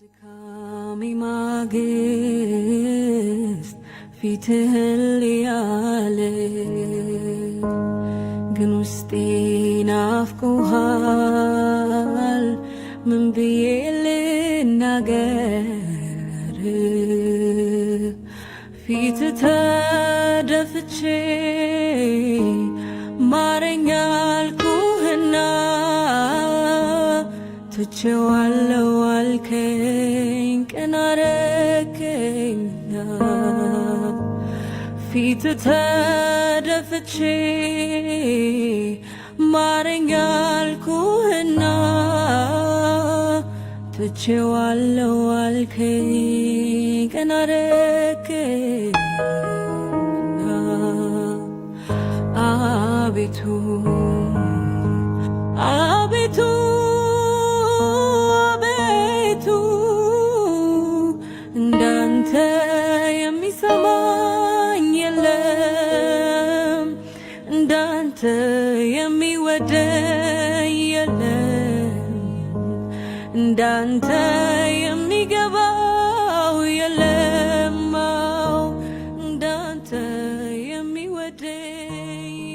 በድካሜ ማግስት ፊትህን ልያልህ ግን ውስጤ ናፍቆሃል ምን ብዬ ልናገር ፊት ተደፍቼ ማረኛ አልኩህና ትቼዋለው አልከኝ ቀና ፊት ተደፍቼ ማረኝ አልኩህና ትቼዋለሁ አልከኝ ቀና ረከኝና አቤቱ የሚሰማኝ የለም፣ እንዳንተ የሚወደኝ የለም፣ እንዳንተ የሚገባው የለም፣ እንዳንተ የሚወደኝ